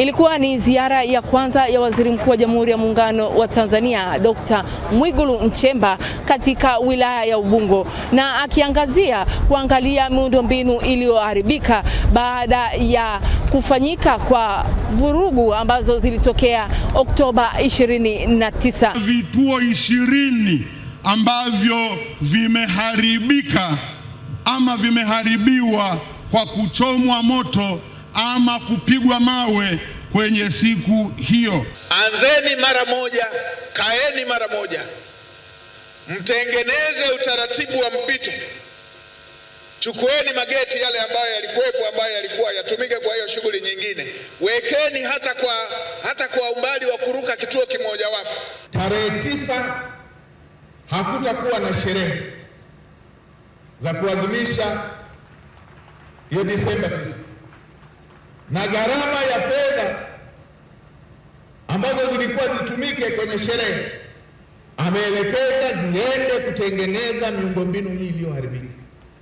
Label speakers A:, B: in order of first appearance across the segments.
A: Ilikuwa ni ziara ya kwanza ya Waziri Mkuu wa Jamhuri ya Muungano wa Tanzania Dr. Mwigulu Nchemba katika wilaya ya Ubungo na akiangazia kuangalia miundombinu iliyoharibika baada ya kufanyika kwa vurugu ambazo zilitokea Oktoba 29.
B: Vituo ishirini ambavyo vimeharibika ama vimeharibiwa kwa kuchomwa moto ama kupigwa mawe kwenye siku hiyo.
C: Anzeni mara moja, kaeni mara moja, mtengeneze utaratibu wa mpito. Chukueni mageti yale ambayo yalikuwepo, ambayo yalikuwa yatumike kwa hiyo shughuli nyingine, wekeni hata kwa, hata kwa umbali wa kuruka kituo kimojawapo.
D: Tarehe tisa hakutakuwa na sherehe za kuadhimisha hiyo Desemba tisa na gharama ya fedha ambazo zilikuwa zitumike kwenye sherehe ameelekeza ziende kutengeneza miundombinu hii iliyoharibika.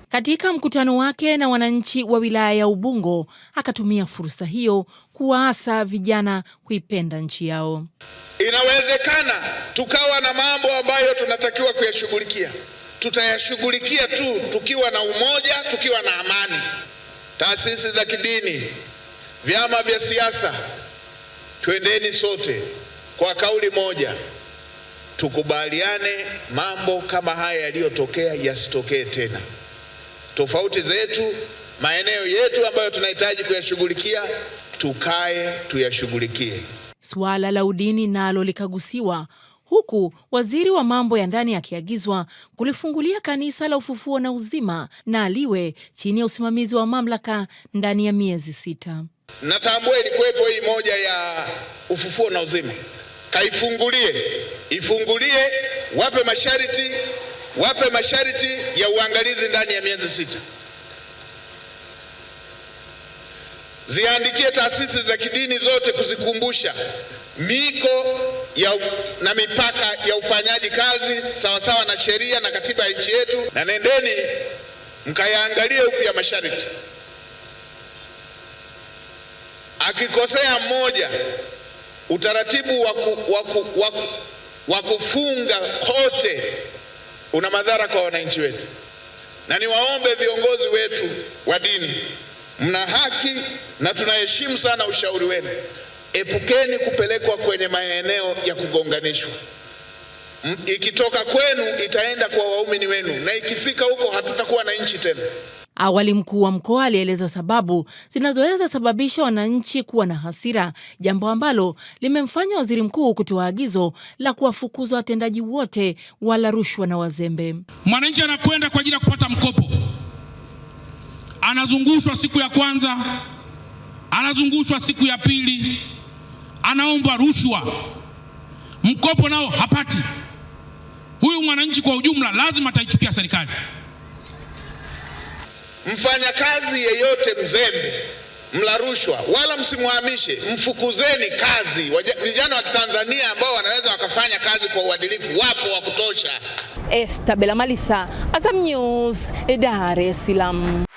E: Katika mkutano wake na wananchi wa wilaya ya Ubungo, akatumia fursa hiyo kuwaasa vijana kuipenda nchi yao.
C: Inawezekana tukawa na mambo ambayo tunatakiwa kuyashughulikia, tutayashughulikia tu tukiwa na umoja, tukiwa na amani. Taasisi za kidini Vyama vya siasa, twendeni sote kwa kauli moja, tukubaliane mambo kama haya yaliyotokea yasitokee tena. Tofauti zetu, maeneo yetu ambayo tunahitaji kuyashughulikia, tukae tuyashughulikie.
E: Suala la udini nalo likagusiwa huku waziri wa mambo ya ndani akiagizwa kulifungulia kanisa la Ufufuo na Uzima na aliwe chini ya usimamizi wa mamlaka ndani ya miezi sita.
C: Natambua ilikuwepo hii moja ya ufufuo na uzima, kaifungulie, ifungulie, wape masharti, wape masharti ya uangalizi ndani ya miezi sita. Ziandikie taasisi za kidini zote kuzikumbusha miko ya na mipaka ya ufanyaji kazi sawasawa na sheria na katiba ya nchi yetu, na nendeni mkayaangalie upya masharti. Akikosea mmoja, utaratibu wa kufunga kote una madhara kwa wananchi wetu, na niwaombe viongozi wetu wa dini, mna haki na tunaheshimu sana ushauri wenu. Epukeni kupelekwa kwenye maeneo ya kugonganishwa. Ikitoka kwenu itaenda kwa waumini wenu, na ikifika huko hatutakuwa na nchi tena.
E: Awali mkuu wa mkoa alieleza sababu zinazoweza sababisha wananchi kuwa na hasira, jambo ambalo limemfanya waziri mkuu kutoa agizo la kuwafukuza watendaji wote wala rushwa na wazembe.
F: Mwananchi anakwenda kwa ajili ya kupata mkopo, anazungushwa siku ya kwanza, anazungushwa siku ya pili, anaomba rushwa, mkopo nao hapati. Huyu mwananchi kwa ujumla lazima ataichukia serikali.
C: Mfanyakazi yeyote mzembe, mla rushwa, wala msimhamishe, mfukuzeni kazi. Vijana wa Kitanzania ambao wanaweza wakafanya kazi kwa uadilifu wapo wa kutosha.
E: Esta Bela Malisa, Azam News, Dar es Salaam.